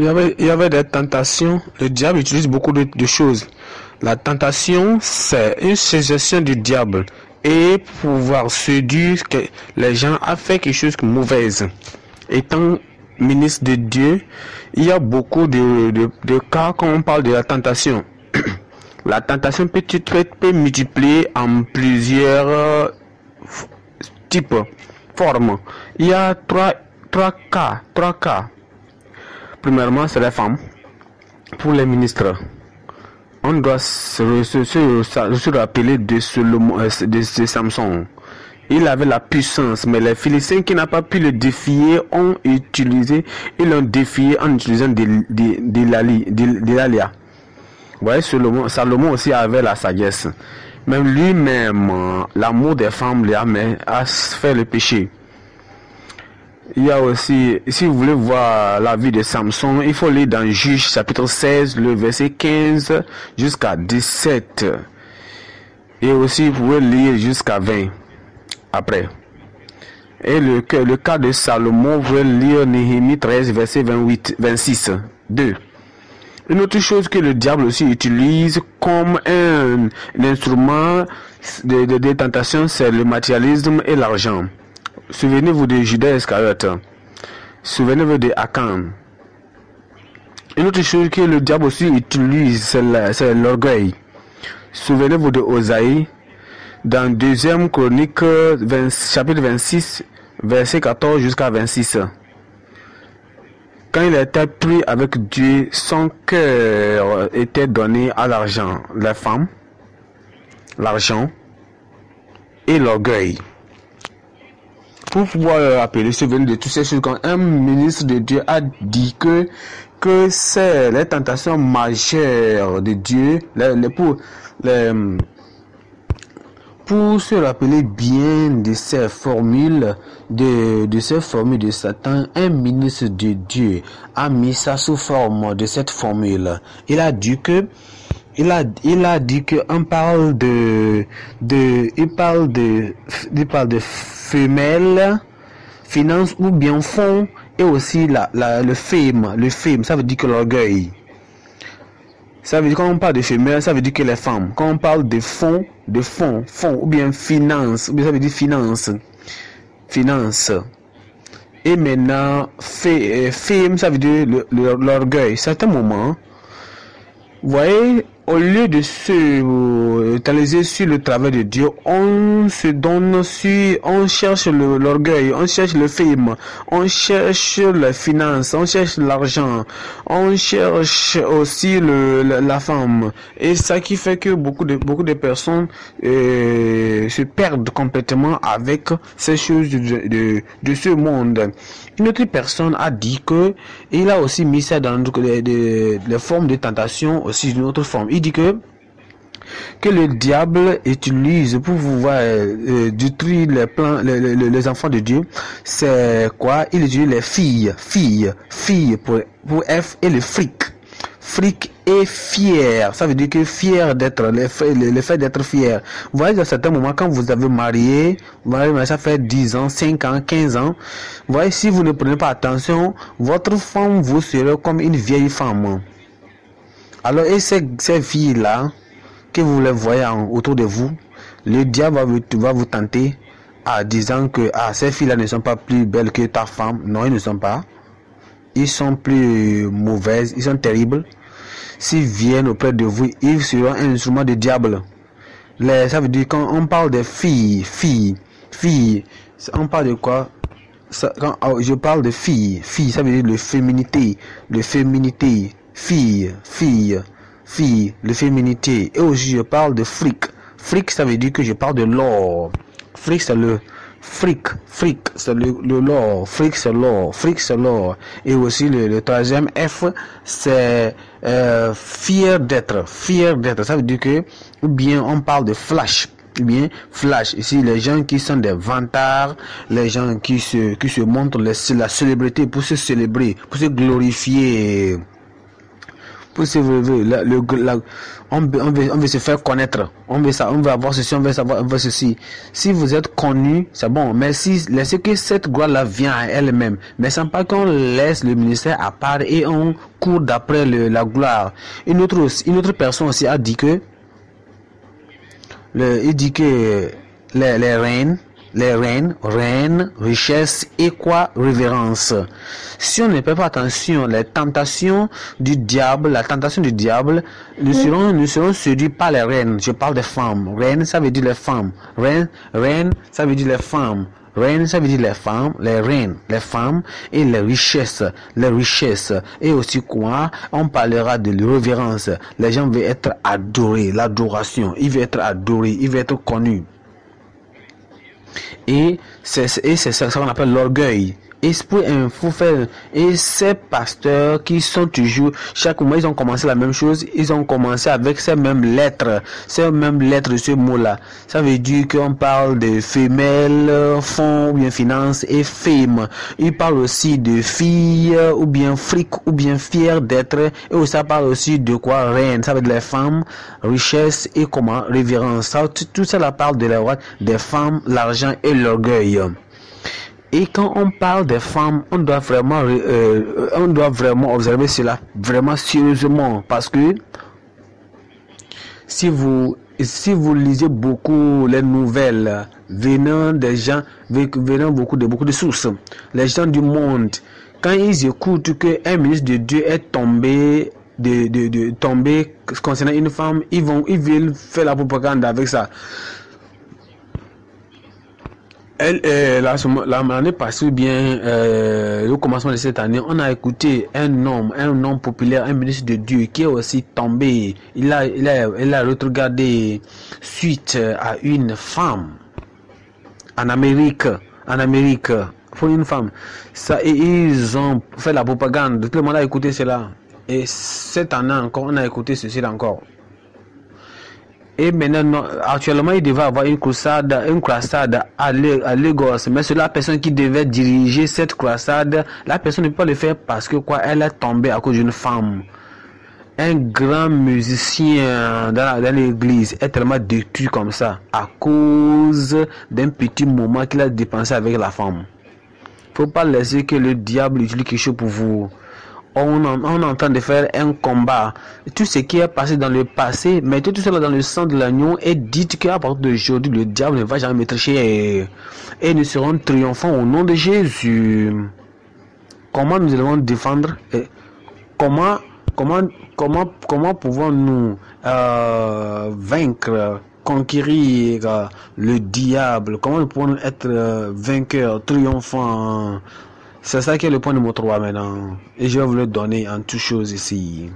il y avait, des tentations. Le diable utilise beaucoup de, choses. La tentation, c'est une suggestion du diable et pouvoir séduire que les gens à faire quelque chose de mauvaise. Étant ministre de Dieu, il y a beaucoup de, cas quand on parle de la tentation. la tentation peut, peut, peut multiplier en plusieurs euh, types, formes. Il y a trois, trois cas, trois cas Premièrement, c'est les femmes. Pour les ministres, on doit se, rappeler de, Samson. Il avait la puissance, mais les Philistins qui n'ont pas pu le défier ont utilisé, ils l'ont défié en utilisant de, Vous voyez, Salomon, aussi avait la sagesse. Même lui-même, euh, l'amour des femmes les a fait le péché. Il y a aussi, si vous voulez voir la vie de Samson, il faut lire dans Juge chapitre 16, le verset 15 jusqu'à 17. Et aussi, vous pouvez lire jusqu'à 20 après. Et le, le cas de Salomon, vous pouvez lire Néhémie 13, verset 28, 26, 2. Une autre chose que le diable aussi utilise comme un, instrument de, de, de tentation, c'est le matérialisme et l'argent. Souvenez-vous de Judas Iscariot. Souvenez-vous de Akan. Une autre chose que le diable aussi utilise, c'est l'orgueil. Souvenez-vous de Osaïe. Dans 2 Chronique, chapitre 26, verset 14 jusqu'à 26. Quand il était pris avec Dieu, son cœur était donné à l'argent, la femme, l'argent et l'orgueil pour pouvoir euh, appeler, ce venu de tous ces choses. Quand un ministre de Dieu a dit que, que c'est la tentations majeures de Dieu, les, pour, pour se rappeler bien de ces formules, de, de ces formules de Satan, un ministre de Dieu a mis ça sous forme de cette formule. Il a dit que il a, il a dit qu'on parle de, de, il parle de, il parle de femelle, finance ou bien fond, et aussi la, la, le film, le film, ça veut dire que l'orgueil. Ça veut dire quand on parle de femelle, ça veut dire que les femmes. Quand on parle de fonds, de fonds, fonds ou bien finance, ou bien ça veut dire finance, finance. Et maintenant, film, euh, ça veut dire l'orgueil. Certains moments, vous voyez, au lieu de se focaliser euh, sur le travail de Dieu, on se donne sur, on cherche l'orgueil, on cherche le film, on cherche la finance, on cherche l'argent, on cherche aussi le, la, femme. Et ça qui fait que beaucoup de, beaucoup de personnes euh, se perdent complètement avec ces choses de, de, ce monde. Une autre personne a dit que il a aussi mis ça dans la forme formes de tentation aussi d'une autre forme dit que que le diable utilise pour pouvoir du euh, euh, détruire les, plans, les, enfants de Dieu, c'est quoi Il utilise les filles, filles, filles pour, pour F et le fric. Fric et fier, ça veut dire que fier d'être, le fait, d'être fier. Vous voyez, à certains moments, quand vous avez marié, vous ça fait 10 ans, 5 ans, 15 ans, vous voyez, si vous ne prenez pas attention, votre femme vous sera comme une vieille femme. Alors, et ces, ces filles-là, que vous les voyez autour de vous, le diable va vous, va vous tenter en disant que ah, ces filles-là ne sont pas plus belles que ta femme. Non, elles ne sont pas. Ils sont plus mauvaises, ils sont terribles. S'ils viennent auprès de vous, ils seront un instrument de diable. Les, ça veut dire quand on parle de filles, filles, filles, on parle de quoi quand oh, je parle de filles, filles, ça veut dire de féminité, de féminité, fille, fille, fille, le féminité. Et aussi, je parle de fric. Fric, ça veut dire que je parle de l'or. Fric, c'est le fric. Fric, c'est le, lore. l'or. Fric, c'est l'or. Fric, c'est l'or. Et aussi, le, troisième F, c'est euh, fier d'être. Fier d'être. Ça veut dire que, ou bien, on parle de flash bien flash ici les gens qui sont des vantards les gens qui se qui se montrent les, la célébrité pour se célébrer pour se glorifier on, veut, se faire connaître. On veut, avoir ceci, on veut savoir ceci. Si vous êtes connu, c'est bon. Mais si que cette gloire-là vient à elle-même. Mais sans pas qu'on laisse le ministère à part et on court d'après la gloire. Une autre, personne aussi a dit que les reines les reines, reines, richesse et quoi révérence. Si on ne fait pas attention, les tentations du diable, la tentation du diable, nous serons, nous séduits par les reines. Je parle des femmes. Reines, ça veut dire les femmes. Reines, reines, ça veut dire les femmes. Reines, ça veut dire les femmes, les reines, les femmes et les richesses, les richesses. Et aussi quoi On parlera de révérence. Les gens veulent être adorés, l'adoration. Ils veulent être adorés, ils veulent être connus. Et c'est ça qu'on appelle l'orgueil Esprit Info faire Et ces pasteurs qui sont toujours, chaque mois, ils ont commencé la même chose. Ils ont commencé avec ces mêmes lettres. Ces mêmes lettres, ce mot-là. Ça veut dire qu'on parle de femelles, fonds, ou bien finance et femme. Ils parlent aussi de filles, ou bien fric, ou bien fier d'être. Et ça parle aussi de quoi? Reine. Ça veut dire les femmes, richesse et comment? Révérence. tout, cela ça, parle de la droite des femmes, l'argent et l'orgueil. Et quand on parle des femmes, on doit vraiment, euh, on doit vraiment observer cela vraiment sérieusement parce que si vous si vous lisez beaucoup les nouvelles venant des gens venant beaucoup de beaucoup de sources, les gens du monde, quand ils écoutent que un ministre de Dieu est tombé de, de, de, tomber concernant une femme, ils vont ils faire la propagande avec ça elle, euh, la, l'année passée bien au euh, commencement de cette année, on a écouté un homme, un homme populaire, un ministre de Dieu qui est aussi tombé. Il a, il a, a regardé suite à une femme en Amérique, en Amérique, pour une femme. Ça, et ils ont fait la propagande. Tout le monde a écouté cela. Et cette année encore, on a écouté ceci encore. Et maintenant, actuellement, il devait avoir une croissade une croisade à, Lagos. Mais c'est la personne qui devait diriger cette croissade. La personne ne peut pas le faire parce que quoi, elle est tombée à cause d'une femme. Un grand musicien dans, l'église est tellement détruit comme ça à cause d'un petit moment qu'il a dépensé avec la femme. Faut pas laisser que le diable utilise quelque chose pour vous on, en, est en train de faire un combat. Tout ce qui est passé dans le passé, mettez tout cela dans le sang de l'agneau et dites qu'à partir d'aujourd'hui, le diable ne va jamais tricher et, et nous serons triomphants au nom de Jésus. Comment nous allons défendre euh, Comment, comment, comment, comment pouvons-nous euh, vaincre conquérir euh, le diable Comment pouvons-nous être vainqueurs, triomphants c'est ça qui est le point numéro 3 maintenant. Et je vais vous le donner en toute chose ici.